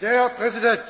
Der Präsident!